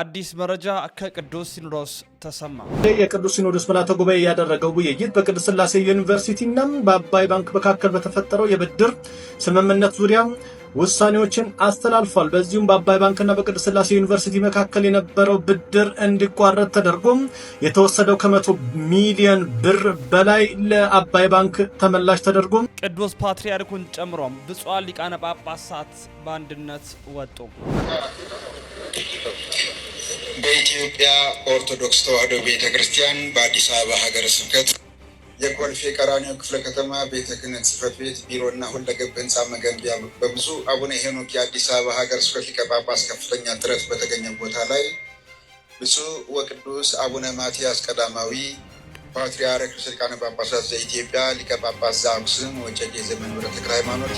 አዲስ መረጃ ከቅዱስ ሲኖዶስ ተሰማ። የቅዱስ ሲኖዶስ ምልዓተ ጉባኤ ያደረገው ውይይት በቅድስት ዩኒቨርሲቲ ዩኒቨርሲቲና በአባይ ባንክ መካከል በተፈጠረው የብድር ስምምነት ዙሪያ ውሳኔዎችን አስተላልፏል። በዚሁም በአባይ ባንክና በቅድስት ስላሴ ዩኒቨርሲቲ መካከል የነበረው ብድር እንዲቋረጥ ተደርጎም የተወሰደው ከመቶ ሚሊዮን ብር በላይ ለአባይ ባንክ ተመላሽ ተደርጎም ቅዱስ ፓትርያርኩን ጨምሮም ብፁዓን ሊቃነ ጳጳሳት በአንድነት ወጡ። በኢትዮጵያ ኦርቶዶክስ ተዋሕዶ ቤተ ክርስቲያን በአዲስ አበባ ሀገረ ስብከት የኮልፌ ቀራኒዮ ክፍለ ከተማ ቤተ ክህነት ጽሕፈት ቤት ቢሮና ሁለገብ ህንፃ መገንቢያ በብፁዕ አቡነ ሄኖክ የአዲስ አበባ ሀገረ ስብከት ሊቀ ጳጳስ ከፍተኛ ጥረት በተገኘ ቦታ ላይ ብፁዕ ወቅዱስ አቡነ ማትያስ ቀዳማዊ ፓትርያርክ ርዕሰ ሊቃነ ጳጳሳት ዘኢትዮጵያ ሊቀ ጳጳስ ዘአክሱም ወእጨጌ ዘመንበረ ተክለ ሃይማኖት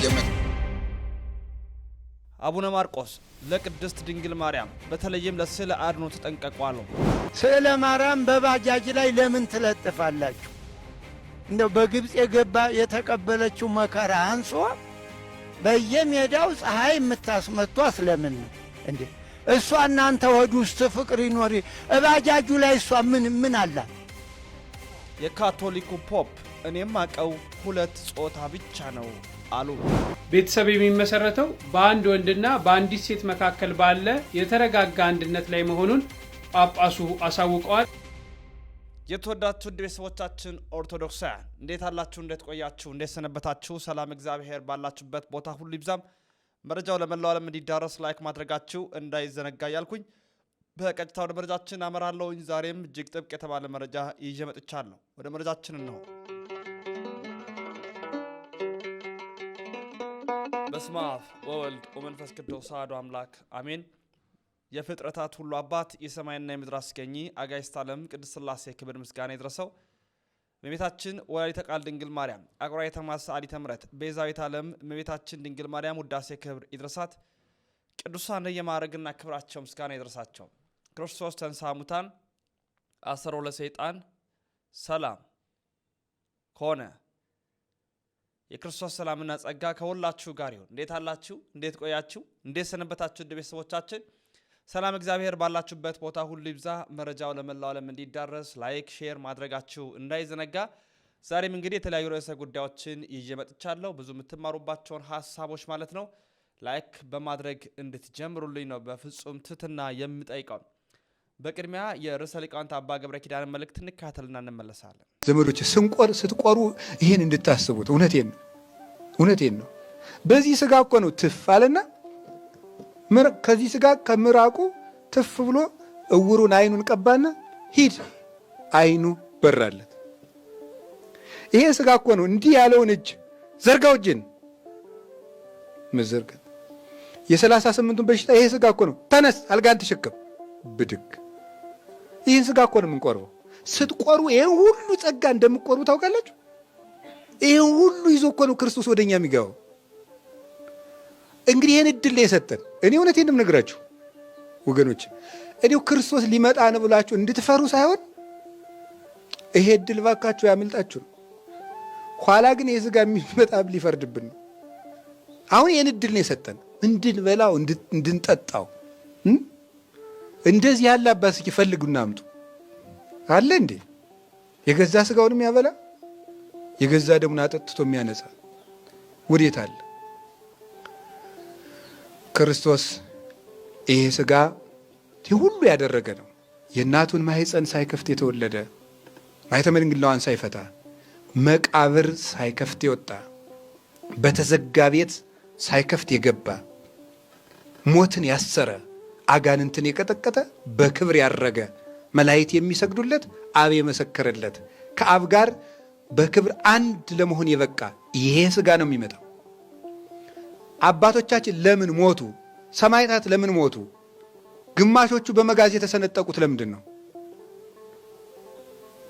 አቡነ ማርቆስ ለቅድስት ድንግል ማርያም በተለይም ለስዕለ አድኖ ተጠንቀቁ አሉ። ስዕለ ማርያም በባጃጅ ላይ ለምን ትለጥፋላችሁ? እንደው በግብፅ የገባ የተቀበለችው መከራ አንሶ በየሜዳው ፀሐይ የምታስመቷት ለምን ነው እንዴ? እሷ እናንተ ወዱ ውስጥ ፍቅር ይኖሪ እባጃጁ ላይ እሷ ምን ምን አላት? የካቶሊኩ ፖፕ እኔም አቀው ሁለት ጾታ ብቻ ነው አሉ። ቤተሰብ የሚመሰረተው በአንድ ወንድና በአንዲት ሴት መካከል ባለ የተረጋጋ አንድነት ላይ መሆኑን ጳጳሱ አሳውቀዋል። የተወዳችሁ ውድ ቤተሰቦቻችን ኦርቶዶክሳውያን እንዴት አላችሁ? እንዴት ቆያችሁ? እንዴት ሰነበታችሁ? ሰላም እግዚአብሔር ባላችሁበት ቦታ ሁሉ ይብዛም። መረጃው ለመላው ዓለም እንዲዳረስ ላይክ ማድረጋችሁ እንዳይዘነጋ እያልኩኝ በቀጥታ ወደ መረጃችን አመራለሁኝ። ዛሬም እጅግ ጥብቅ የተባለ መረጃ ይዤ መጥቻለሁ። ወደ መረጃችን እንሆ በስመ አብ ወወልድ ወመንፈስ ቅዱስ አሐዱ አምላክ አሜን። የፍጥረታት ሁሉ አባት የሰማይና የምድር አስገኚ አጋዕዝተ ዓለም ቅድስት ሥላሴ ክብር ምስጋና ይድረሰው። እመቤታችን ወላዲተ ቃል ድንግል ማርያም አቁራይ ተማስ አዲተ ምሕረት ቤዛዊት ዓለም እመቤታችን ድንግል ማርያም ውዳሴ ክብር ይድረሳት። ቅዱሳን የማረግና ክብራቸው ምስጋና ይድረሳቸው። ክርስቶስ ተንሥአ እሙታን አሰሮ ለሰይጣን ሰላም ሆነ። የክርስቶስ ሰላምና ጸጋ ከሁላችሁ ጋር ይሁን። እንዴት አላችሁ? እንዴት ቆያችሁ? እንዴት ሰነበታችሁ? እንደ ቤተሰቦቻችን ሰላም እግዚአብሔር ባላችሁበት ቦታ ሁሉ ይብዛ። መረጃው ለመላው ዓለም እንዲዳረስ ላይክ፣ ሼር ማድረጋችሁ እንዳይዘነጋ። ዛሬም እንግዲህ የተለያዩ ርዕሰ ጉዳዮችን ይዤ መጥቻለሁ። ብዙ የምትማሩባቸውን ሀሳቦች ማለት ነው። ላይክ በማድረግ እንድትጀምሩልኝ ነው በፍጹም ትህትና የምጠይቀው። በቅድሚያ የርዕሰ ሊቃውንት አባ ገብረ ኪዳን መልእክት እንካተልና እንመለሳለን። ዘመዶች ስንቆር ስትቆሩ ይህን እንድታስቡት እውነቴን ነው እውነቴን ነው። በዚህ ስጋ እኮ ነው ትፍ አለና ከዚህ ስጋ ከምራቁ ትፍ ብሎ እውሩን አይኑን ቀባና ሂድ አይኑ በራለት። ይሄ ስጋ እኮ ነው እንዲህ ያለውን እጅ ዘርጋው እጅን መዘርጋት የሰላሳ ስምንቱን በሽታ ይሄ ስጋ እኮ ነው። ተነስ አልጋን ተሸከም ብድግ ይህን ስጋ እኮ ነው የምንቆርበው። ስትቆርቡ ይህን ሁሉ ጸጋ እንደምቆርቡ ታውቃላችሁ። ይህን ሁሉ ይዞ እኮ ነው ክርስቶስ ወደ እኛ የሚገባው። እንግዲህ ይህን እድል ላይ የሰጠን። እኔ እውነቴን ነው የምነግራችሁ ወገኖች፣ እኔው ክርስቶስ ሊመጣ ነው ብላችሁ እንድትፈሩ ሳይሆን ይሄ እድል ባካችሁ ያመልጣችሁ ነው። ኋላ ግን ይህ ስጋ የሚመጣም ሊፈርድብን ነው። አሁን ይህን እድል ነው የሰጠን እንድንበላው እንድንጠጣው እንደዚህ ያለ አባት እስኪ አምጡ አለ እንዴ? የገዛ ስጋውን የሚያበላ የገዛ ደሙን አጠጥቶ የሚያነጻ ወዴት አለ? ክርስቶስ ይሄ ስጋ ሁሉ ያደረገ ነው። የእናቱን ማህፀን ሳይከፍት የተወለደ ማኅተመ ድንግልናዋን ሳይፈታ መቃብር ሳይከፍት የወጣ በተዘጋ ቤት ሳይከፍት የገባ ሞትን ያሰረ አጋንንትን የቀጠቀጠ በክብር ያረገ መላእክት የሚሰግዱለት አብ የመሰከረለት ከአብ ጋር በክብር አንድ ለመሆን የበቃ ይሄ ስጋ ነው የሚመጣው። አባቶቻችን ለምን ሞቱ? ሰማዕታት ለምን ሞቱ? ግማሾቹ በመጋዝ የተሰነጠቁት ለምንድን ነው?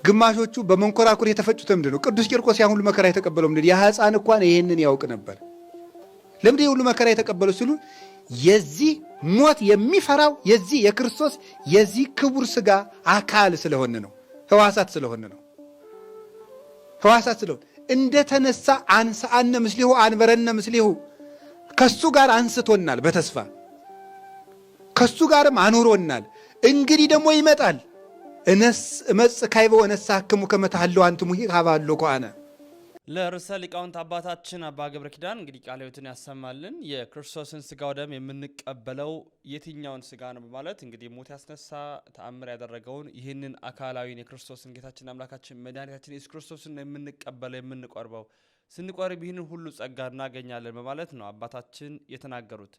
ግማሾቹ በመንኮራኩር የተፈጩት ለምንድን ነው? ቅዱስ ቂርቆስ ያን ሁሉ መከራ የተቀበለው ምንድን? ያ ሕፃን እንኳን ይህንን ያውቅ ነበር። ለምንድን ሁሉ መከራ የተቀበለው ሲሉ የዚህ ሞት የሚፈራው የዚህ የክርስቶስ የዚህ ክቡር ስጋ አካል ስለሆነ ነው። ህዋሳት ስለሆነ ነው። ህዋሳት ስለሆነ እንደተነሳ ተነሳ አንስአነ ምስሊሁ አንበረነ ምስሊሁ ከሱ ጋር አንስቶናል። በተስፋ ከሱ ጋርም አኑሮናል። እንግዲህ ደግሞ ይመጣል እነስ እመጽእ ካይበ ወነሳ ህክሙ ከመታሃለው አንትሙ ሂ ሀባሎ ከአነ ለርዕሰ ሊቃውንት አባታችን አባ ገብረ ኪዳን እንግዲህ ቃለ ሕይወትን ያሰማልን። የክርስቶስን ስጋ ወደም የምንቀበለው የትኛውን ስጋ ነው በማለት እንግዲህ ሞት ያስነሳ ተአምር ያደረገውን ይህንን አካላዊን የክርስቶስን ጌታችን አምላካችን መድኃኒታችን ኢየሱስ ክርስቶስን ነው የምንቀበለው የምንቆርበው፣ ስንቆርብ ይህንን ሁሉ ጸጋ እናገኛለን በማለት ነው አባታችን የተናገሩት።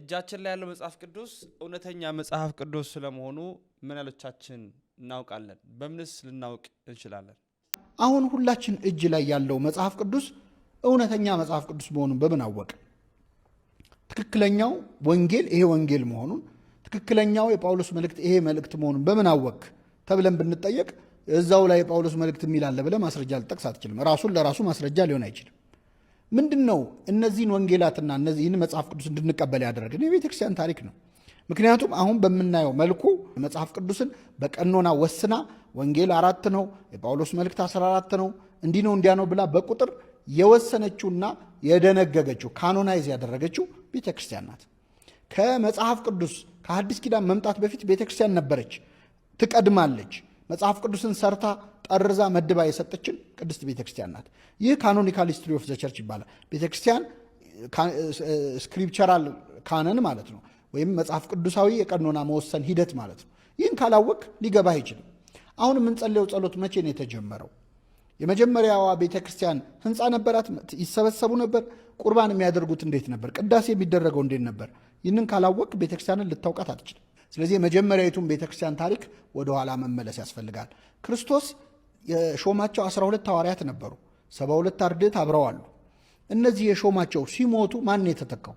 እጃችን ላይ ያለው መጽሐፍ ቅዱስ እውነተኛ መጽሐፍ ቅዱስ ስለመሆኑ ምን ያሎቻችን እናውቃለን? በምንስ ልናውቅ እንችላለን? አሁን ሁላችን እጅ ላይ ያለው መጽሐፍ ቅዱስ እውነተኛ መጽሐፍ ቅዱስ መሆኑን በምን አወቅ? ትክክለኛው ወንጌል ይሄ ወንጌል መሆኑን ትክክለኛው የጳውሎስ መልእክት ይሄ መልእክት መሆኑን በምን አወቅ ተብለን ብንጠየቅ እዛው ላይ የጳውሎስ መልእክት የሚል አለ ብለህ ማስረጃ ልጠቅስ አትችልም። ራሱን ለራሱ ማስረጃ ሊሆን አይችልም። ምንድን ነው እነዚህን ወንጌላትና እነዚህን መጽሐፍ ቅዱስ እንድንቀበል ያደረግን የቤተ ክርስቲያን ታሪክ ነው። ምክንያቱም አሁን በምናየው መልኩ መጽሐፍ ቅዱስን በቀኖና ወስና ወንጌል አራት ነው፣ የጳውሎስ መልእክት 14 ነው፣ እንዲህ ነው እንዲያ ነው ብላ በቁጥር የወሰነችውና የደነገገችው ካኖናይዝ ያደረገችው ቤተ ክርስቲያን ናት። ከመጽሐፍ ቅዱስ ከአዲስ ኪዳን መምጣት በፊት ቤተ ክርስቲያን ነበረች፣ ትቀድማለች። መጽሐፍ ቅዱስን ሰርታ ጠርዛ መድባ የሰጠችን ቅድስት ቤተ ክርስቲያን ናት። ይህ ካኖኒካል ሂስትሪ ኦፍ ቸርች ይባላል። ቤተ ክርስቲያን ስክሪፕቸራል ካነን ማለት ነው፣ ወይም መጽሐፍ ቅዱሳዊ የቀኖና መወሰን ሂደት ማለት ነው። ይህን ካላወቅ ሊገባህ አይችልም። አሁን የምንጸለየው ጸሎት መቼ ነው የተጀመረው? የመጀመሪያዋ ቤተ ክርስቲያን ህንፃ ነበራት። ይሰበሰቡ ነበር። ቁርባን የሚያደርጉት እንዴት ነበር? ቅዳሴ የሚደረገው እንዴት ነበር? ይህንን ካላወቅ ቤተክርስቲያንን ልታውቃት አትችልም። ስለዚህ የመጀመሪያዊቱን ቤተክርስቲያን ታሪክ ወደኋላ መመለስ ያስፈልጋል። ክርስቶስ የሾማቸው 12 ሐዋርያት ነበሩ። 72 አርድእት አብረዋሉ። እነዚህ የሾማቸው ሲሞቱ ማን የተተካው?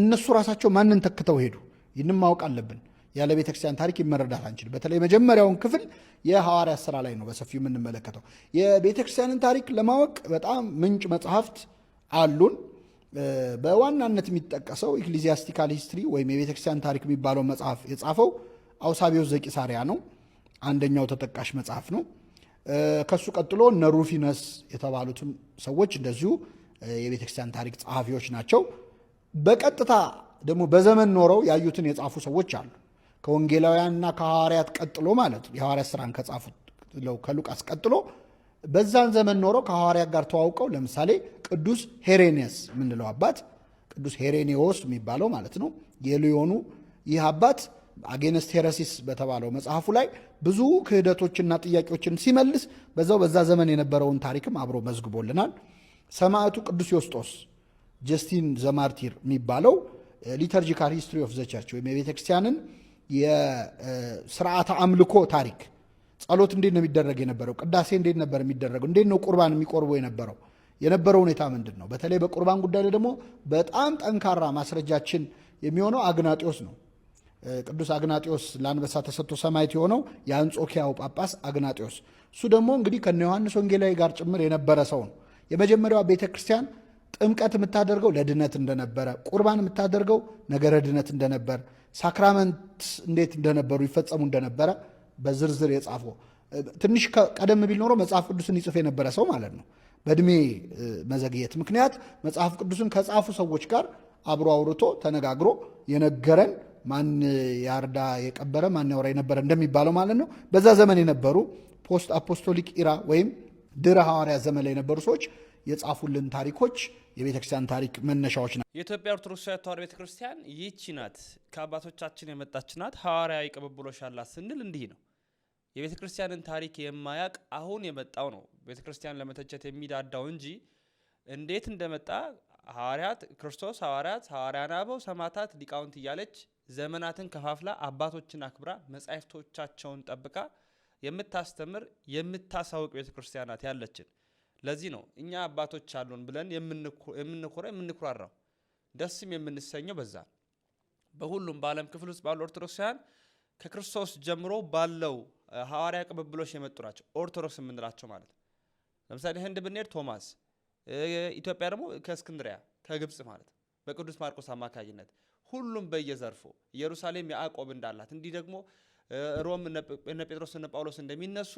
እነሱ ራሳቸው ማንን ተክተው ሄዱ? ይህንም ማወቅ አለብን። ያለ ቤተ ክርስቲያን ታሪክ ይመረዳት አንችልም። በተለይ መጀመሪያውን ክፍል የሐዋርያት ስራ ላይ ነው በሰፊው የምንመለከተው። የቤተ ክርስቲያንን ታሪክ ለማወቅ በጣም ምንጭ መጽሐፍት አሉን። በዋናነት የሚጠቀሰው ኢክሊዚያስቲካል ሂስትሪ ወይም የቤተ ክርስቲያን ታሪክ የሚባለው መጽሐፍ የጻፈው አውሳቢዎስ ዘቂሳሪያ ነው። አንደኛው ተጠቃሽ መጽሐፍ ነው። ከሱ ቀጥሎ እነ ሩፊነስ የተባሉትም ሰዎች እንደዚሁ የቤተ ክርስቲያን ታሪክ ጸሐፊዎች ናቸው። በቀጥታ ደግሞ በዘመን ኖረው ያዩትን የጻፉ ሰዎች አሉ። ከወንጌላውያንና ከሐዋርያት ቀጥሎ ማለት የሐዋርያት ስራን ከጻፉት ከሉቃስ ቀጥሎ በዛን ዘመን ኖረው ከሐዋርያት ጋር ተዋውቀው ለምሳሌ ቅዱስ ሄሬኔስ የምንለው አባት ቅዱስ ሄሬኔዎስ የሚባለው ማለት ነው የልዮኑ ይህ አባት አጌነስ ቴረሲስ በተባለው መጽሐፉ ላይ ብዙ ክህደቶችና ጥያቄዎችን ሲመልስ በዛው በዛ ዘመን የነበረውን ታሪክም አብሮ መዝግቦልናል። ሰማዕቱ ቅዱስ ዮስጦስ ጀስቲን ዘማርቲር የሚባለው ሊተርጂካል ሂስትሪ ኦፍ ዘቸርች ወይም የቤተክርስቲያንን የስርዓተ አምልኮ ታሪክ ጸሎት እንዴት ነው የሚደረግ የነበረው? ቅዳሴ እንዴት ነበር የሚደረገው? እንዴት ነው ቁርባን የሚቆርቡ የነበረው? የነበረው ሁኔታ ምንድን ነው? በተለይ በቁርባን ጉዳይ ላይ ደግሞ በጣም ጠንካራ ማስረጃችን የሚሆነው አግናጢዎስ ነው። ቅዱስ አግናጢዎስ ለአንበሳ ተሰጥቶ ሰማዕት የሆነው የአንጾኪያው ጳጳስ አግናጢዎስ፣ እሱ ደግሞ እንግዲህ ከነ ዮሐንስ ወንጌላዊ ጋር ጭምር የነበረ ሰው ነው። የመጀመሪያዋ ቤተ ክርስቲያን ጥምቀት የምታደርገው ለድነት እንደነበረ፣ ቁርባን የምታደርገው ነገረ ድነት እንደነበር፣ ሳክራመንት እንዴት እንደነበሩ ይፈጸሙ እንደነበረ በዝርዝር የጻፈው ትንሽ ቀደም ቢል ኖሮ መጽሐፍ ቅዱስን ይጽፍ የነበረ ሰው ማለት ነው። በእድሜ መዘግየት ምክንያት መጽሐፍ ቅዱስን ከጻፉ ሰዎች ጋር አብሮ አውርቶ ተነጋግሮ የነገረን ማን ያርዳ የቀበረ ማን ያውራ የነበረ እንደሚባለው ማለት ነው። በዛ ዘመን የነበሩ ፖስት አፖስቶሊክ ኢራ ወይም ድረ ሐዋርያ ዘመን ላይ የነበሩ ሰዎች የጻፉልን ታሪኮች የቤተ ክርስቲያን ታሪክ መነሻዎች ናቸው። የኢትዮጵያ ኦርቶዶክስ ተዋሕዶ ቤተ ክርስቲያን ናት፣ ከአባቶቻችን የመጣች ናት፣ ሐዋርያዊ ቅብብሎች አላት ስንል እንዲህ ነው። የቤተ ክርስቲያንን ታሪክ የማያቅ አሁን የመጣው ነው ቤተ ክርስቲያን ለመተቸት የሚዳዳው እንጂ እንዴት እንደመጣ ሐዋርያት ክርስቶስ ሐዋርያት ሐዋርያን አበው ሰማዕታት ሊቃውንት እያለች ዘመናትን ከፋፍላ አባቶችን አክብራ መጻሕፍቶቻቸውን ጠብቃ የምታስተምር የምታሳውቅ ቤተ ያለችን ለዚህ ነው እኛ አባቶች አሉን ብለን የምንኮራ የምንኩራራው ደስም የምንሰኘው በዛ በሁሉም በዓለም ክፍል ውስጥ ባሉ ኦርቶዶክሳውያን ከክርስቶስ ጀምሮ ባለው ሐዋርያ ቅብብሎች የመጡ ናቸው ኦርቶዶክስ የምንላቸው ማለት ነው። ለምሳሌ ህንድ ብንሄድ ቶማስ፣ ኢትዮጵያ ደግሞ ከእስክንድሪያ ከግብፅ ማለት በቅዱስ ማርቆስ አማካኝነት ሁሉም በየዘርፉ ኢየሩሳሌም ያዕቆብ እንዳላት እንዲህ ደግሞ ሮም እነ ጴጥሮስ እነ ጳውሎስ እንደሚነሱ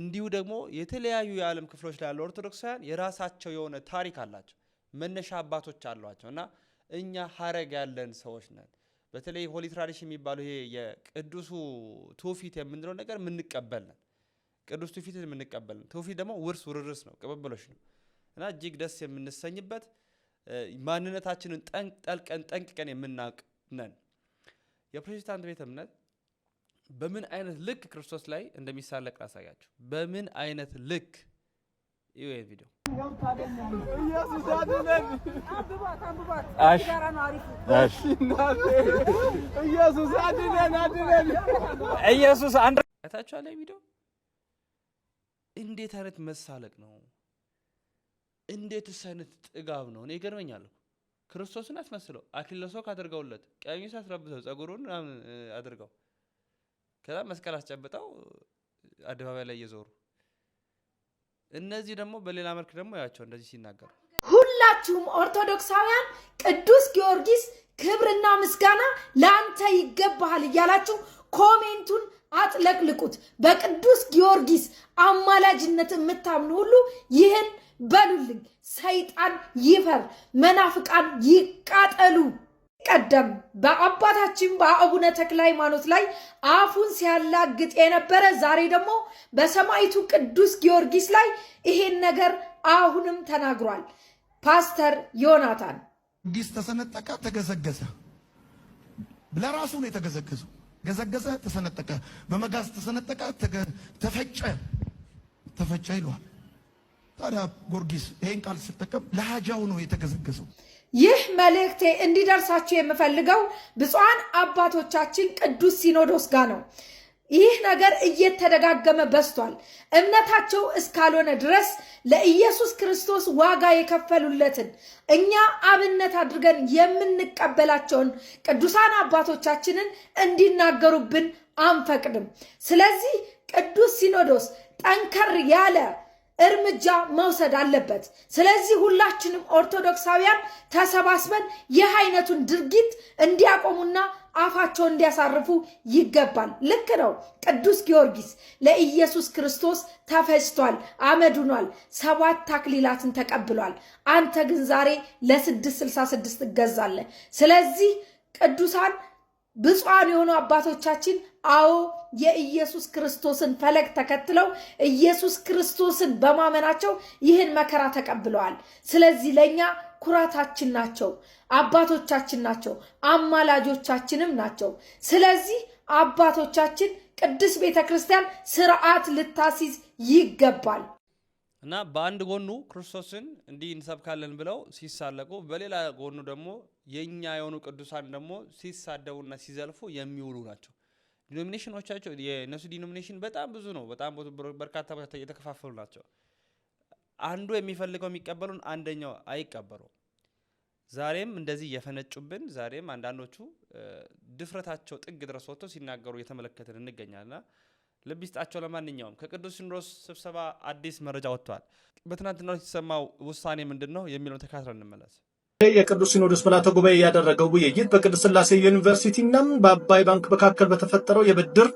እንዲሁ ደግሞ የተለያዩ የዓለም ክፍሎች ላይ ያሉ ኦርቶዶክሳውያን የራሳቸው የሆነ ታሪክ አላቸው፣ መነሻ አባቶች አሏቸው እና እኛ ሀረግ ያለን ሰዎች ነን። በተለይ ሆሊ ትራዲሽን የሚባለው ይሄ የቅዱሱ ትውፊት የምንለው ነገር የምንቀበል ነን። ቅዱስ ትውፊት የምንቀበል ነን። ትውፊት ደግሞ ውርስ ውርርስ ነው፣ ቅብብሎች ነው እና እጅግ ደስ የምንሰኝበት ማንነታችንን ጠልቀን ጠንቅቀን የምናውቅ ነን። የፕሮቴስታንት ቤተ እምነት በምን አይነት ልክ ክርስቶስ ላይ እንደሚሳለቅ ላሳያችሁ። በምን አይነት ልክ ይሄ ቪዲዮ ኢየሱስ አንድ ታችኋ ላይ ቪዲዮ እንዴት አይነት መሳለቅ ነው? እንዴትስ አይነት ጥጋብ ነው? እኔ ይገርመኛለሁ። ክርስቶስን አትመስለው፣ አክሊለ ሦክ አድርገውለት፣ ቀሚስ አስረብተው፣ ጸጉሩን አድርገው ከዛ መስቀል አስጨብጠው አደባባይ ላይ እየዞሩ እነዚህ ደግሞ በሌላ መልክ ደግሞ ያቸው እንደዚህ ሲናገሩ ሁላችሁም ኦርቶዶክሳውያን ቅዱስ ጊዮርጊስ ክብርና ምስጋና ለአንተ ይገባሃል እያላችሁ ኮሜንቱን አጥለቅልቁት። በቅዱስ ጊዮርጊስ አማላጅነት የምታምኑ ሁሉ ይህን በሉልኝ። ሰይጣን ይፈር፣ መናፍቃን ይቃጠሉ። ቀደም በአባታችን በአቡነ ተክለ ሃይማኖት ላይ አፉን ሲያላግጥ የነበረ ዛሬ ደግሞ በሰማይቱ ቅዱስ ጊዮርጊስ ላይ ይሄን ነገር አሁንም ተናግሯል። ፓስተር ዮናታን ጊዮርጊስ ተሰነጠቀ፣ ተገዘገዘ። ለራሱ ነው የተገዘገዘው። ገዘገዘ፣ ተሰነጠቀ፣ በመጋዝ ተሰነጠቀ፣ ተፈጨ፣ ተፈጨ ይለዋል። ታዲያ ጊዮርጊስ ይሄን ቃል ስጠቀም ለሃጃው ነው የተገዘገዘው። ይህ መልእክቴ እንዲደርሳችሁ የምፈልገው ብፁዓን አባቶቻችን ቅዱስ ሲኖዶስ ጋር ነው። ይህ ነገር እየተደጋገመ በዝቷል። እምነታቸው እስካልሆነ ድረስ ለኢየሱስ ክርስቶስ ዋጋ የከፈሉለትን እኛ አብነት አድርገን የምንቀበላቸውን ቅዱሳን አባቶቻችንን እንዲናገሩብን አንፈቅድም። ስለዚህ ቅዱስ ሲኖዶስ ጠንከር ያለ እርምጃ መውሰድ አለበት። ስለዚህ ሁላችንም ኦርቶዶክሳውያን ተሰባስበን ይህ አይነቱን ድርጊት እንዲያቆሙና አፋቸውን እንዲያሳርፉ ይገባል። ልክ ነው። ቅዱስ ጊዮርጊስ ለኢየሱስ ክርስቶስ ተፈጭቷል፣ አመድኗል፣ ሰባት አክሊላትን ተቀብሏል። አንተ ግን ዛሬ ለስድስት ስልሳ ስድስት ትገዛለህ። ስለዚህ ቅዱሳን ብፁዓን የሆኑ አባቶቻችን አዎ የኢየሱስ ክርስቶስን ፈለግ ተከትለው ኢየሱስ ክርስቶስን በማመናቸው ይህን መከራ ተቀብለዋል። ስለዚህ ለእኛ ኩራታችን ናቸው፣ አባቶቻችን ናቸው፣ አማላጆቻችንም ናቸው። ስለዚህ አባቶቻችን ቅድስት ቤተ ክርስቲያን ስርዓት ልታሲዝ ይገባል። እና በአንድ ጎኑ ክርስቶስን እንዲህ እንሰብካለን ብለው ሲሳለቁ፣ በሌላ ጎኑ ደግሞ የእኛ የሆኑ ቅዱሳን ደግሞ ሲሳደቡና ሲዘልፉ የሚውሉ ናቸው። ዲኖሚኔሽኖቻቸው የእነሱ ዲኖሚኔሽን በጣም ብዙ ነው። በጣም በርካታ ቦታ የተከፋፈሉ ናቸው። አንዱ የሚፈልገው የሚቀበሉን፣ አንደኛው አይቀበሉ። ዛሬም እንደዚህ እየፈነጩብን፣ ዛሬም አንዳንዶቹ ድፍረታቸው ጥግ ድረስ ወጥቶ ሲናገሩ እየተመለከትን እንገኛልና ልብ ይስጣቸው። ለማንኛውም ከቅዱስ ሲኖዶስ ስብሰባ አዲስ መረጃ ወጥቷል። በትናንትናው የተሰማው ውሳኔ ምንድን ነው የሚለውን ተካትለን እንመለስ። የቅዱስ ሲኖዶስ ምልዓተ ጉባኤ ያደረገው ውይይት በቅድስት ሥላሴ ዩኒቨርሲቲና በአባይ ባንክ መካከል በተፈጠረው የብድር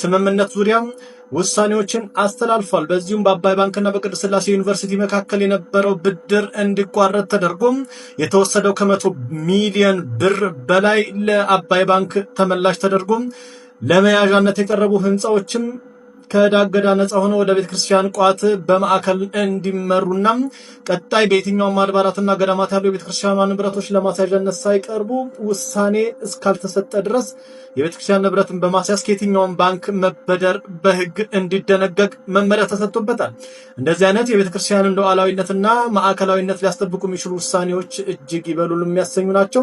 ስምምነት ዙሪያ ውሳኔዎችን አስተላልፏል። በዚሁም በአባይ ባንክና በቅድስት ሥላሴ ዩኒቨርሲቲ መካከል የነበረው ብድር እንዲቋረጥ ተደርጎም የተወሰደው ከመቶ ሚሊዮን ብር በላይ ለአባይ ባንክ ተመላሽ ተደርጎም ለመያዣነት የቀረቡ ህንፃዎችም ከዳገዳ ነፃ ሆነው ወደ ቤተ ክርስቲያን ቋት በማዕከል እንዲመሩና ቀጣይ በየትኛውም አድባራትና ገዳማት ያሉ የቤተ ክርስቲያኗ ንብረቶች ለማስያዣነት ሳይቀርቡ ውሳኔ እስካልተሰጠ ድረስ የቤተ ክርስቲያን ንብረትን በማስያዝ ከየትኛውም ባንክ መበደር በህግ እንዲደነገግ መመሪያ ተሰጥቶበታል። እንደዚህ አይነት የቤተ ክርስቲያንን ሉዓላዊነትና ማዕከላዊነት ሊያስጠብቁ የሚችሉ ውሳኔዎች እጅግ ይበሉል የሚያሰኙ ናቸው።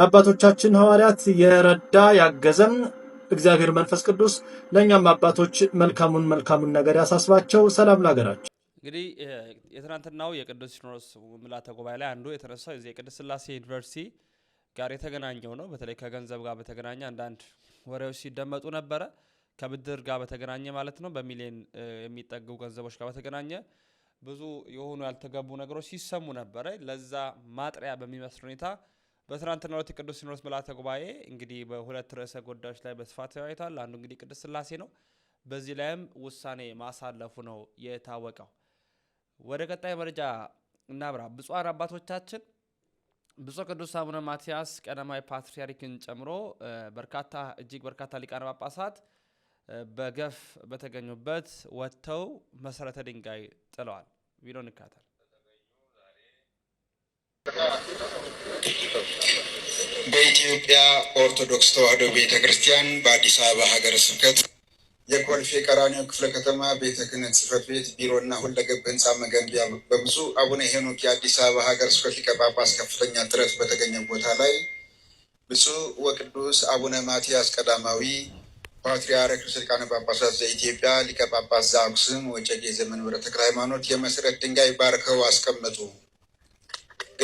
ለአባቶቻችን ሐዋርያት የረዳ ያገዘም እግዚአብሔር መንፈስ ቅዱስ ለእኛም አባቶች መልካሙን መልካሙን ነገር ያሳስባቸው። ሰላም ላገራቸው። እንግዲህ የትናንትናው የቅዱስ ሲኖዶስ ምልዓተ ጉባኤ ላይ አንዱ የተነሳው የዚህ የቅዱስ ስላሴ ዩኒቨርሲቲ ጋር የተገናኘው ነው። በተለይ ከገንዘብ ጋር በተገናኘ አንዳንድ ወሬዎች ሲደመጡ ነበረ። ከብድር ጋር በተገናኘ ማለት ነው። በሚሊዮን የሚጠጉ ገንዘቦች ጋር በተገናኘ ብዙ የሆኑ ያልተገቡ ነገሮች ሲሰሙ ነበረ። ለዛ ማጥሪያ በሚመስል ሁኔታ በትናንትናው ዕለት የቅዱስ ሲኖዶስ ምልዓተ ጉባኤ እንግዲህ በሁለት ርዕሰ ጉዳዮች ላይ በስፋት ተወያይቷል። አንዱ እንግዲህ ቅድስት ስላሴ ነው። በዚህ ላይም ውሳኔ ማሳለፉ ነው የታወቀው። ወደ ቀጣይ መረጃ እናብራ። ብፁዓን አባቶቻችን ብፁዕ ቅዱስ አቡነ ማትያስ ቀዳማዊ ፓትርያርክን ጨምሮ በርካታ እጅግ በርካታ ሊቃነ ጳጳሳት በገፍ በተገኙበት ወጥተው መሰረተ ድንጋይ ጥለዋል። ቪዲዮን ይካታል በኢትዮጵያ ኦርቶዶክስ ተዋሕዶ ቤተ ክርስቲያን በአዲስ አበባ ሀገረ ስብከት የኮልፌ ቀራኒዮ ክፍለ ከተማ ቤተ ክህነት ጽሕፈት ቤት ቢሮና ሁለገብ ህንፃ መገንቢያ በብፁዕ አቡነ ሄኖክ የአዲስ አበባ ሀገረ ስብከት ሊቀ ጳጳስ ከፍተኛ ጥረት በተገኘ ቦታ ላይ ብፁዕ ወቅዱስ አቡነ ማትያስ ቀዳማዊ ፓትርያርክ ርእሰ ሊቃነ ጳጳሳት ዘኢትዮጵያ ሊቀ ጳጳስ ዘአክሱም ወዕጨጌ ዘመንበረ ተክለ ሃይማኖት የመሰረት ድንጋይ ባርከው አስቀመጡ።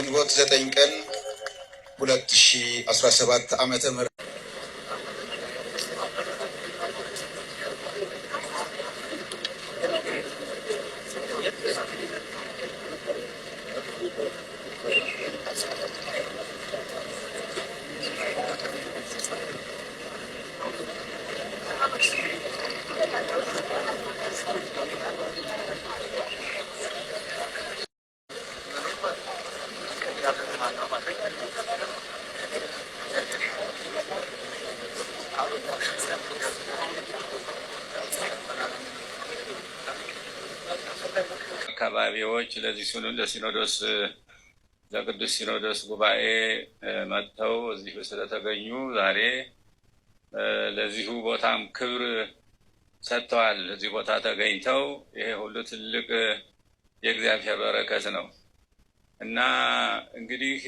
ግንቦት ዘጠኝ ቀን ሁለት ሺህ አስራ ሰባት እንደዚህ ሲሉ ለሲኖዶስ ለቅዱስ ሲኖዶስ ጉባኤ መጥተው እዚህ ስለተገኙ ዛሬ ለዚሁ ቦታም ክብር ሰጥተዋል። እዚህ ቦታ ተገኝተው ይሄ ሁሉ ትልቅ የእግዚአብሔር በረከት ነው እና እንግዲህ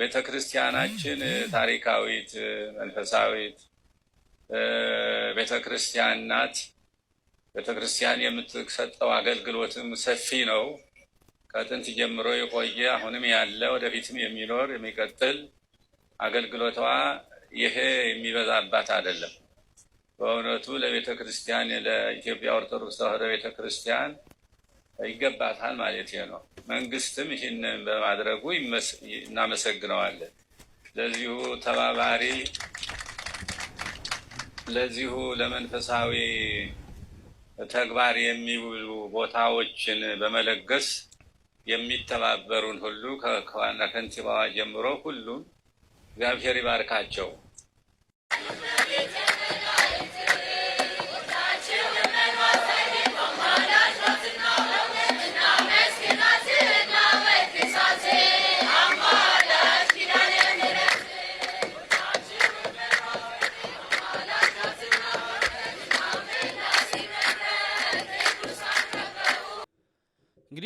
ቤተ ክርስቲያናችን ታሪካዊት መንፈሳዊት ቤተ ክርስቲያን ናት። ቤተክርስቲያን የምትሰጠው አገልግሎትም ሰፊ ነው። ከጥንት ጀምሮ የቆየ አሁንም ያለ ወደፊትም የሚኖር የሚቀጥል አገልግሎቷ ይሄ የሚበዛባት አይደለም። በእውነቱ ለቤተ ክርስቲያን ለኢትዮጵያ ኦርቶዶክስ ተዋሕዶ ቤተ ክርስቲያን ይገባታል ማለት ነው። መንግስትም ይህን በማድረጉ እናመሰግነዋለን። ለዚሁ ተባባሪ ለዚሁ ለመንፈሳዊ ተግባር የሚውሉ ቦታዎችን በመለገስ የሚተባበሩን ሁሉ ከዋና ከንቲባዋ ጀምሮ ሁሉም እግዚአብሔር ይባርካቸው።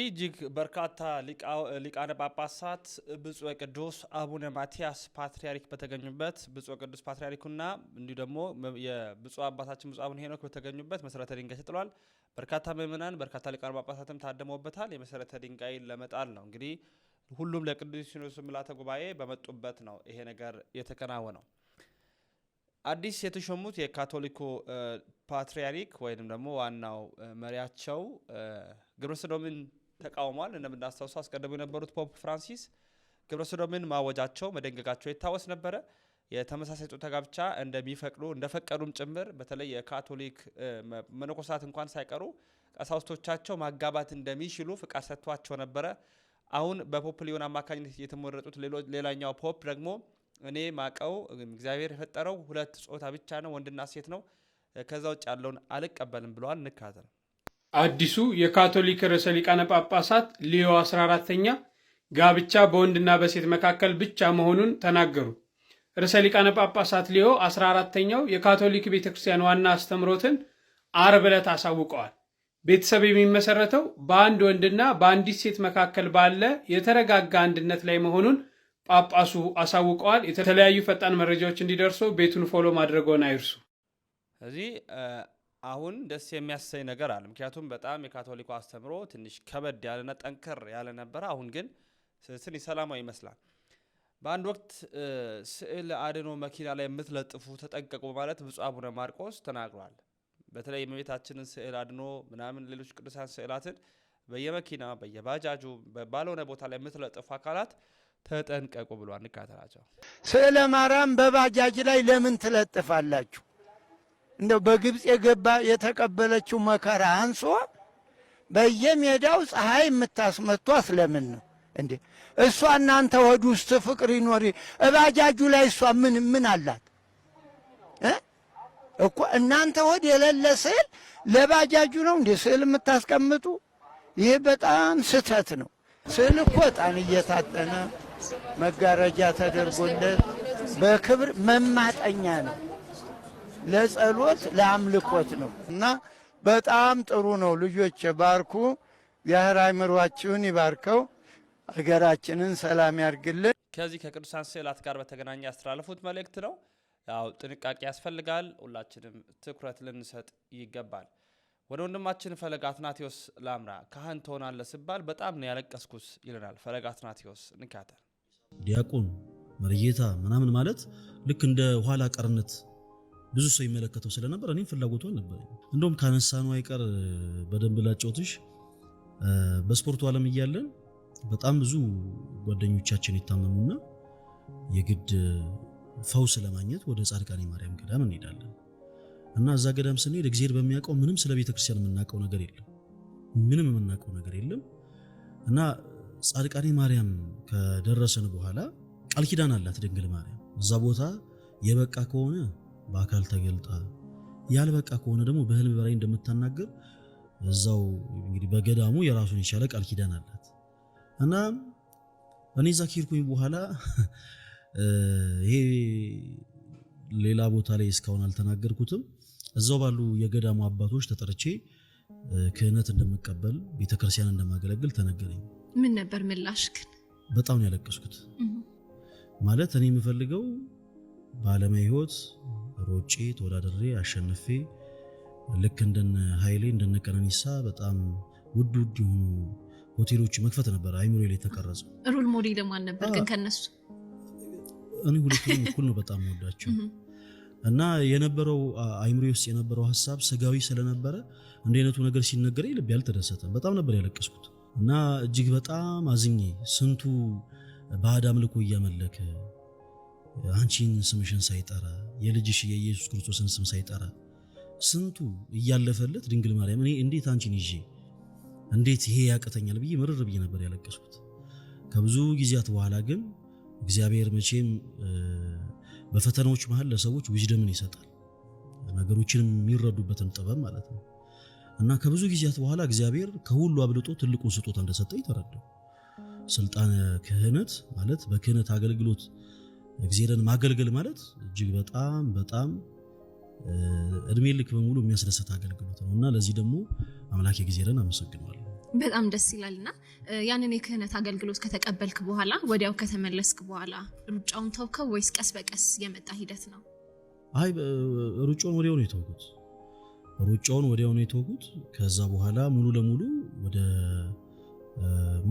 እንግዲህ እጅግ በርካታ ሊቃነ ጳጳሳት ብፁዕ ቅዱስ አቡነ ማትያስ ፓትርያርክ በተገኙበት ብፁዕ ቅዱስ ፓትርያርኩና እንዲሁ ደግሞ የብፁዕ አባታችን ብፁዕ አቡነ ሄኖክ በተገኙበት መሰረተ ድንጋይ ተጥሏል። በርካታ ምዕመናን፣ በርካታ ሊቃነ ጳጳሳትም ታደመውበታል። የመሰረተ ድንጋይ ለመጣል ነው እንግዲህ ሁሉም ለቅዱስ ሲኖዶስ ምልዓተ ጉባኤ በመጡበት ነው ይሄ ነገር የተከናወነው። አዲስ የተሾሙት የካቶሊኩ ፓትርያርክ ወይም ደግሞ ዋናው መሪያቸው ግብረ ሰዶምን ተቃውሟል። እንደምናስታውሱ አስቀድሞ የነበሩት ፖፕ ፍራንሲስ ግብረ ሶዶምን ማወጃቸው መደንገጋቸው ይታወስ ነበረ። የተመሳሳይ ጾታ ጋብቻ እንደሚፈቅዱ እንደፈቀዱም ጭምር በተለይ የካቶሊክ መነኮሳት እንኳን ሳይቀሩ ቀሳውስቶቻቸው ማጋባት እንደሚችሉ ፍቃድ ሰጥቷቸው ነበረ። አሁን በፖፕ ሊዮን አማካኝነት የተመረጡት ሌላኛው ፖፕ ደግሞ እኔ ማቀው እግዚአብሔር የፈጠረው ሁለት ጾታ ብቻ ነው፣ ወንድና ሴት ነው፣ ከዛ ውጭ ያለውን አልቀበልም ብለዋል። እንካተል አዲሱ የካቶሊክ ርዕሰ ሊቃነ ጳጳሳት ሊዮ 14ተኛ ጋብቻ በወንድና በሴት መካከል ብቻ መሆኑን ተናገሩ። ርዕሰ ሊቃነ ጳጳሳት ሊዮ 14ተኛው የካቶሊክ ቤተ ክርስቲያን ዋና አስተምሮትን አርብ ዕለት አሳውቀዋል። ቤተሰብ የሚመሰረተው በአንድ ወንድና በአንዲት ሴት መካከል ባለ የተረጋጋ አንድነት ላይ መሆኑን ጳጳሱ አሳውቀዋል። የተለያዩ ፈጣን መረጃዎች እንዲደርሱ ቤቱን ፎሎ ማድረገውን አይርሱ። አሁን ደስ የሚያሰኝ ነገር አለ። ምክንያቱም በጣም የካቶሊኩ አስተምሮ ትንሽ ከበድ ያለና ጠንከር ያለ ነበረ። አሁን ግን ስኒ ሰላማዊ ይመስላል። በአንድ ወቅት ስዕል አድኖ መኪና ላይ የምትለጥፉ ተጠንቀቁ ማለት ብፁዕ አቡነ ማርቆስ ተናግሯል። በተለይ የእመቤታችንን ስዕል አድኖ ምናምን ሌሎች ቅዱሳን ስዕላትን በየመኪና በየባጃጁ ባልሆነ ቦታ ላይ የምትለጥፉ አካላት ተጠንቀቁ ብሏል። እንካተላቸው ስዕለ ማርያም በባጃጅ ላይ ለምን ትለጥፋላችሁ? እንደው በግብፅ የገባ የተቀበለችው መከራ አንሶ በየሜዳው ፀሐይ የምታስመቷት ለምን ነው እንዴ? እሷ እናንተ ወዱ ውስጥ ፍቅር ይኖሪ እባጃጁ ላይ እሷ ምን ምን አላት እኮ እናንተ ወድ የሌለ ስዕል ለባጃጁ ነው እንዴ ስዕል የምታስቀምጡ? ይህ በጣም ስህተት ነው። ስዕል እኮ ዕጣን እየታጠነ መጋረጃ ተደርጎለት በክብር መማጠኛ ነው። ለጸሎት ለአምልኮት ነው እና በጣም ጥሩ ነው። ልጆች ባርኩ። እግዚአብሔር አይምሯችሁን ይባርከው። አገራችንን ሰላም ያርግልን። ከዚህ ከቅዱሳን ስዕላት ጋር በተገናኘ ያስተላለፉት መልእክት ነው። ያው ጥንቃቄ ያስፈልጋል። ሁላችንም ትኩረት ልንሰጥ ይገባል። ወደ ወንድማችን ፈለገ አትናቴዎስ ላምራ ካህን ትሆናለህ ስባል በጣም ነው ያለቀስኩት ይለናል። ፈለገ አትናቴዎስ ንካተል ዲያቆን መርጌታ ምናምን ማለት ልክ እንደ ኋላ ቀርነት ብዙ ሰው ይመለከተው ስለነበር እኔም ፍላጎቱ አልነበረኝ። እንደውም ካነሳኑ አይቀር በደንብ ላጫውትሽ። በስፖርቱ ዓለም እያለን በጣም ብዙ ጓደኞቻችን ይታመሙና የግድ ፈውስ ለማግኘት ወደ ጻድቃኔ ማርያም ገዳም እንሄዳለን እና እዛ ገዳም ስንሄድ እግዚአብሔር በሚያውቀው ምንም ስለ ቤተክርስቲያን የምናውቀው ነገር የለም፣ ምንም የምናውቀው ነገር የለም። እና ጻድቃኔ ማርያም ከደረሰን በኋላ ቃል ኪዳን አላት ድንግል ማርያም እዛ ቦታ የበቃ ከሆነ በአካል ተገልጣ ያልበቃ ከሆነ ደግሞ በህልም በራእይ እንደምታናገር እዛው እንግዲህ በገዳሙ የራሱን የቻለ ቃል ኪዳን አላት እና እኔ እዛ ከሄድኩኝ በኋላ ይሄ ሌላ ቦታ ላይ እስካሁን አልተናገርኩትም። እዛው ባሉ የገዳሙ አባቶች ተጠርቼ ክህነት እንደምቀበል ቤተክርስቲያን እንደማገለግል ተነገረኝ። ምን ነበር ምላሽ? ግን በጣም ነው ያለቀስኩት። ማለት እኔ የምፈልገው በዓለማዊ ህይወት በውጭ ተወዳድሬ አሸንፌ ልክ እንደነ ሀይሌ እንደነ ቀነኒሳ በጣም ውድ ውድ የሆኑ ሆቴሎች መክፈት ነበር አይምሮ ላይ የተቀረጸው። ሮል ሞዴል ማን ነበር ግን ከነሱ? እኔ ሁለቱም እኩል ነው በጣም ወዳቸው እና የነበረው አይምሮ ውስጥ የነበረው ሀሳብ ስጋዊ ስለነበረ እንዲህ አይነቱ ነገር ሲነገር ልቤ አልተደሰተም። በጣም ነበር ያለቀስኩት እና እጅግ በጣም አዝኜ ስንቱ ባዕድ አምልኮ እያመለከ አንቺን ስምሽን ሳይጠራ የልጅሽ የኢየሱስ ክርስቶስን ስም ሳይጠራ ስንቱ እያለፈለት ድንግል ማርያም እኔ እንዴት አንቺን ይዤ እንዴት ይሄ ያቅተኛል ብዬ ምርር ብዬ ነበር ያለቀስኩት። ከብዙ ጊዜያት በኋላ ግን እግዚአብሔር መቼም በፈተናዎች መሀል ለሰዎች ውጅደምን ይሰጣል፣ ነገሮችን የሚረዱበትን ጥበብ ማለት ነው። እና ከብዙ ጊዜያት በኋላ እግዚአብሔር ከሁሉ አብልጦ ትልቁን ስጦታ እንደሰጠኝ ተረዳሁ። ስልጣነ ክህነት ማለት በክህነት አገልግሎት እግዚአብሔርን ማገልገል ማለት እጅግ በጣም በጣም እድሜ ልክ በሙሉ የሚያስደስት አገልግሎት ነው እና ለዚህ ደግሞ አምላክ እግዚአብሔርን አመሰግናለሁ በጣም ደስ ይላል እና ያንን የክህነት አገልግሎት ከተቀበልክ በኋላ ወዲያው ከተመለስክ በኋላ ሩጫውን ተውከው ወይስ ቀስ በቀስ የመጣ ሂደት ነው? አይ ሩጫውን ወዲያው ነው የተውኩት። ሩጫውን ወዲያው ነው የተውኩት። ከዛ በኋላ ሙሉ ለሙሉ ወደ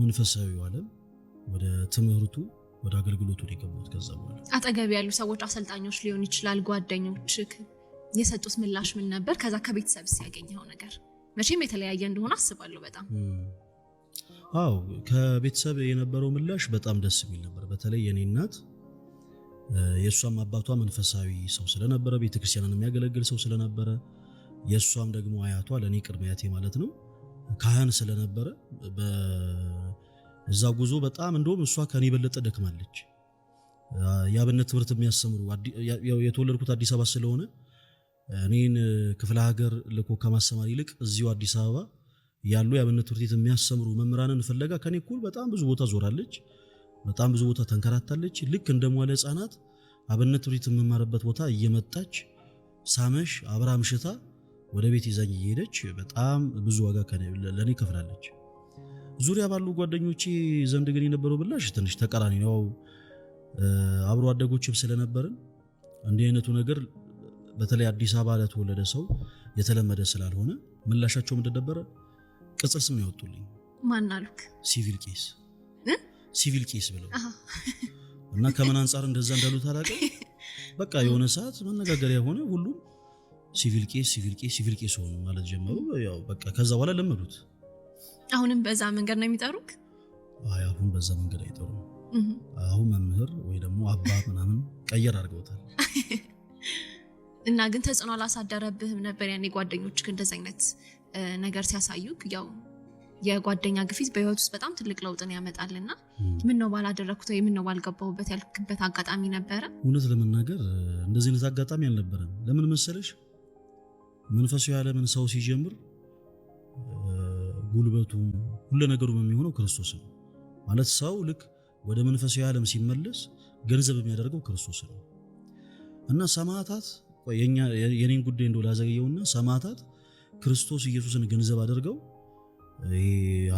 መንፈሳዊ ዓለም ወደ ትምህርቱ ወደ አገልግሎቱ የገቡት ከዛ በኋላ አጠገብ ያሉ ሰዎች አሰልጣኞች ሊሆን ይችላል ጓደኞች የሰጡት ምላሽ ምን ነበር? ከዛ ከቤተሰብ ሲያገኘው ነገር መቼም የተለያየ እንደሆነ አስባለሁ። በጣም አው ከቤተሰብ የነበረው ምላሽ በጣም ደስ የሚል ነበር። በተለይ የኔ እናት የእሷም አባቷ መንፈሳዊ ሰው ስለነበረ ቤተክርስቲያንን የሚያገለግል ሰው ስለነበረ የእሷም ደግሞ አያቷ ለእኔ ቅድመ ማለት ነው ካህን ስለነበረ እዛ ጉዞ በጣም እንደውም እሷ ከኔ የበለጠ ደክማለች። የአብነት ትምህርት የሚያስተምሩ የተወለድኩት አዲስ አበባ ስለሆነ እኔን ክፍለ ሀገር ልኮ ከማስተማር ይልቅ እዚሁ አዲስ አበባ ያሉ የአብነት ትምህርት ቤት የሚያስተምሩ መምህራንን ፍለጋ ከኔ እኩል በጣም ብዙ ቦታ ዞራለች። በጣም ብዙ ቦታ ተንከራታለች። ልክ እንደ ሟለ ሕፃናት አብነት ትምህርት የምማርበት ቦታ እየመጣች ሳመሽ አብራ ምሽታ ወደ ቤት ይዛኝ እየሄደች በጣም ብዙ ዋጋ ለእኔ ከፍላለች። ዙሪያ ባሉ ጓደኞቼ ዘንድ ግን የነበረው ብላሽ ትንሽ ተቃራኒ ነው። አብሮ አደጎችም ስለነበርን እንዲህ አይነቱ ነገር በተለይ አዲስ አበባ ለተወለደ ሰው የተለመደ ስላልሆነ ምላሻቸው እንደነበረ ቅጽል ስም ያወጡልኝ። ማን አልክ? ሲቪል ቄስ ሲቪል ቄስ ብለው እና ከምን አንጻር እንደዛ እንዳሉት አላውቅም። በቃ የሆነ ሰዓት መነጋገሪያ የሆነ ሁሉም ሲቪል ቄስ ሲቪል ቄስ ሲቪል ቄስ ሆኑ ማለት ጀመሩ። ያው በቃ ከዛ በኋላ ለመዱት። አሁንም በዛ መንገድ ነው የሚጠሩክ? አይ አሁን በዛ መንገድ አይጠሩም። አሁን መምህር ወይ ደግሞ አባ ምናምን ቀየር አድርገውታል። እና ግን ተጽዕኖ አላሳደረብህም ነበር ያኔ ጓደኞች እንደዚ አይነት ነገር ሲያሳዩክ? ያው የጓደኛ ግፊት በህይወት ውስጥ በጣም ትልቅ ለውጥን ያመጣልና ምን ነው ባላደረግኩት ወይ ምን ነው ባልገባሁበት ያልክበት አጋጣሚ ነበረ? እውነት ለመናገር እንደዚህ አይነት አጋጣሚ አልነበረም። ለምን መሰለሽ መንፈሱ ያለምን ሰው ሲጀምር ጉልበቱም ሁለ ነገሩም የሚሆነው ክርስቶስ ነው ማለት ሰው ልክ ወደ መንፈሳዊ ዓለም ሲመለስ ገንዘብ የሚያደርገው ክርስቶስ ነው እና ሰማዕታት የኔን ጉዳይ እንደው ላዘገየውና ሰማዕታት ክርስቶስ ኢየሱስን ገንዘብ አድርገው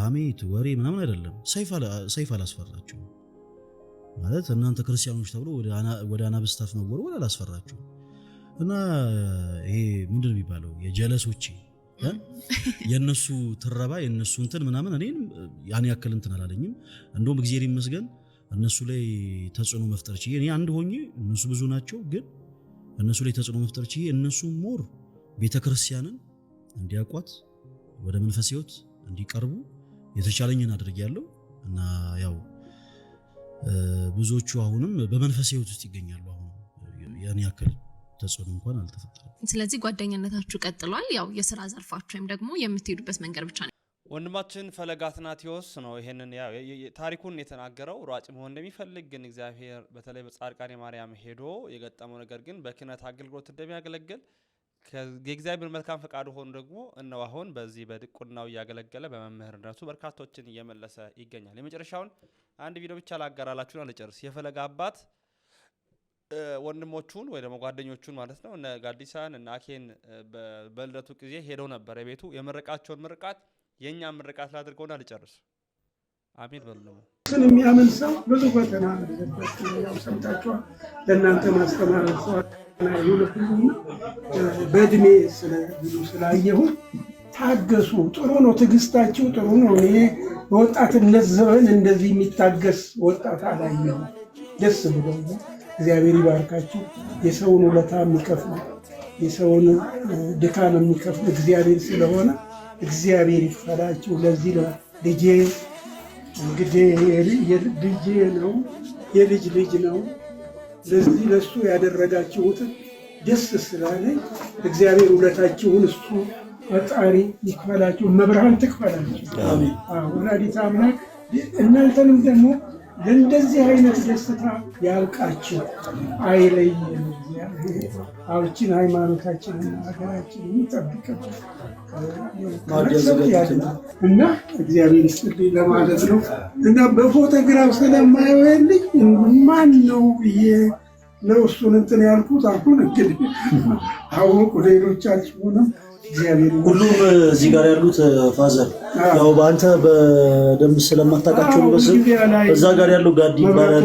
ሐሜት፣ ወሬ ምናምን አይደለም። ሰይፍ አላስፈራቸው ማለት እናንተ ክርስቲያኖች ተብሎ ወደ አናብስታፍ መወርወር አላስፈራቸው እና ይሄ ምንድን የሚባለው የጀለሶቼ የእነሱ ትረባ የእነሱ እንትን ምናምን እኔን ያን ያክል እንትን አላለኝም። እንደውም እግዚአብሔር ይመስገን እነሱ ላይ ተጽዕኖ መፍጠር ችዬ እኔ አንድ ሆኜ እነሱ ብዙ ናቸው፣ ግን እነሱ ላይ ተጽዕኖ መፍጠር ችዬ እነሱ ሞር ቤተክርስቲያንን እንዲያውቋት ወደ መንፈስ ሕይወት እንዲቀርቡ የተቻለኝን አድርጌያለሁ እና ያው ብዙዎቹ አሁንም በመንፈስ ሕይወት ውስጥ ይገኛሉ አሁን ያን ያክል ተጽዕኖ እንኳን አልተፈጠረም። ስለዚህ ጓደኛነታችሁ ቀጥሏል። ያው የስራ ዘርፋችሁ ወይም ደግሞ የምትሄዱበት መንገድ ብቻ ነው። ወንድማችን ፈለገ አትናትዮስ ነው ይሄንን ታሪኩን የተናገረው። ሯጭ መሆን እንደሚፈልግ ግን እግዚአብሔር በተለይ በጻድቃኔ ማርያም ሄዶ የገጠመው ነገር ግን በክህነት አገልግሎት እንደሚያገለግል የእግዚአብሔር መልካም ፈቃዱ ሆኑ ደግሞ እነው አሁን በዚህ በድቁናው እያገለገለ በመምህርነቱ በርካቶችን እየመለሰ ይገኛል። የመጨረሻውን አንድ ቪዲዮ ብቻ ላጋራላችሁና ልጨርስ። የፈለገ አባት ወንድሞቹን ወይ ደግሞ ጓደኞቹን ማለት ነው እነ ጋዲሳን እነ አኬን በልደቱ ጊዜ ሄደው ነበር የቤቱ የምርቃቸውን ምርቃት የእኛ ምርቃት ላድርገውን አልጨርስ አሜን በሉ። ስን የሚያምን ሰው ብዙ ፈተና ያው ሰምታችኋል። ለእናንተ ማስተማር በእድሜ ብዙ ስላየሁ ታገሱ። ጥሩ ነው፣ ትዕግስታችሁ ጥሩ ነው። ይሄ በወጣትነት ዘመን እንደዚህ የሚታገስ ወጣት አላየሁ። ደስ ብሎ እግዚአብሔር ይባርካችሁ። የሰውን ውለታ የሚከፍል የሰውን ድካም የሚከፍል እግዚአብሔር ስለሆነ እግዚአብሔር ይክፈላችሁ። ለዚህ ልጄ እንግዲህ ልጄ ነው፣ የልጅ ልጅ ነው። ለዚህ ለሱ ያደረጋችሁትን ደስ ስላለኝ እግዚአብሔር ውለታችሁን እሱ ፈጣሪ ይክፈላችሁ፣ መብርሃን ትክፈላችሁ። ወላዲተ አምላክ እናንተንም ደግሞ ለእንደዚህ አይነት ደስታ ያብቃችሁ፣ አይለየን። አዎችን ሃይማኖታችንን ሀገራችን የሚጠብቅበት እና እግዚአብሔር ይስጥልኝ ለማለት ነው እና በፎቶግራፍ ስለማይወልኝ ማን ነው ብዬ ነው እሱን እንትን ያልኩት። አሁን እንግዲህ አወቁ ሌሎቻችሁንም ሁሉም እዚህ ጋር ያሉት ፋዘር ያው በአንተ በደንብ ስለማታውቃቸው በስም እዛ ጋር ያለው ጋዲ ይባላል።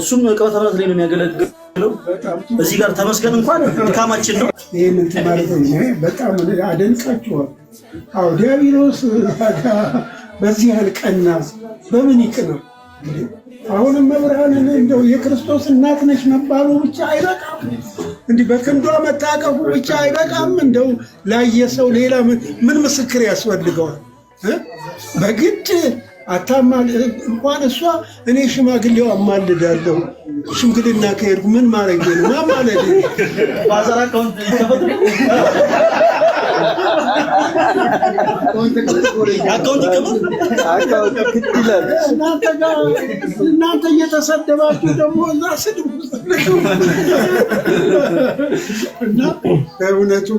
እሱም ቅበት አባላት ላይ ነው የሚያገለግለው። እዚህ ጋር ተመስገን እንኳን ድካማችን ነው። ይህን እንትን ማለት በጣም አደንቃችኋል። አዎ ዲያብሎስ በዚህ ያህል ቀና በምን ይቅናል? አሁንም መብርሃንን እንደው የክርስቶስ እናት ነች መባሉ ብቻ አይበቃም። እንዲህ በክንዷ መታቀፉ ብቻ አይበቃም። እንደው ላየ ሰው ሌላ ምን ምስክር ያስፈልገዋል? በግድ አታማ እንኳን እሷ እኔ ሽማግሌው አማልዳለሁ። ሽምግልና ከሄድኩ ምን ማድረግ ነው ማማለድ እናንተ እየተሰደባችሁ ደግሞ ስድብ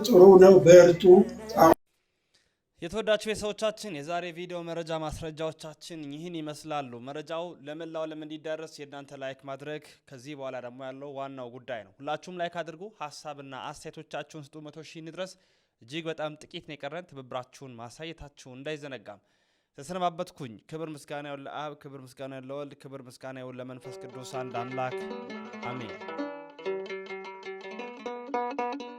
ጥሩ ነው። የተወዳችሁ የሰዎቻችን የዛሬ ቪዲዮ መረጃ ማስረጃዎቻችን ይህን ይመስላሉ። መረጃው ለመላው ዓለም እንዲደረስ የእናንተ ላይክ ማድረግ ከዚህ በኋላ ደግሞ ያለው ዋናው ጉዳይ ነው። ሁላችሁም ላይክ አድርጉ፣ ሀሳብና አስተያየቶቻችሁን ስጡ። መቶ ሺህ እንድረስ እጅግ በጣም ጥቂት ነው የቀረን። ትብብራችሁን ማሳየታችሁን እንዳይዘነጋም ተሰነባበትኩኝ። ክብር ምስጋና ይሁን ለአብ፣ ክብር ምስጋና ይሁን ለወልድ፣ ክብር ምስጋና ይሁን ለመንፈስ ቅዱስ አንድ አምላክ አሜን።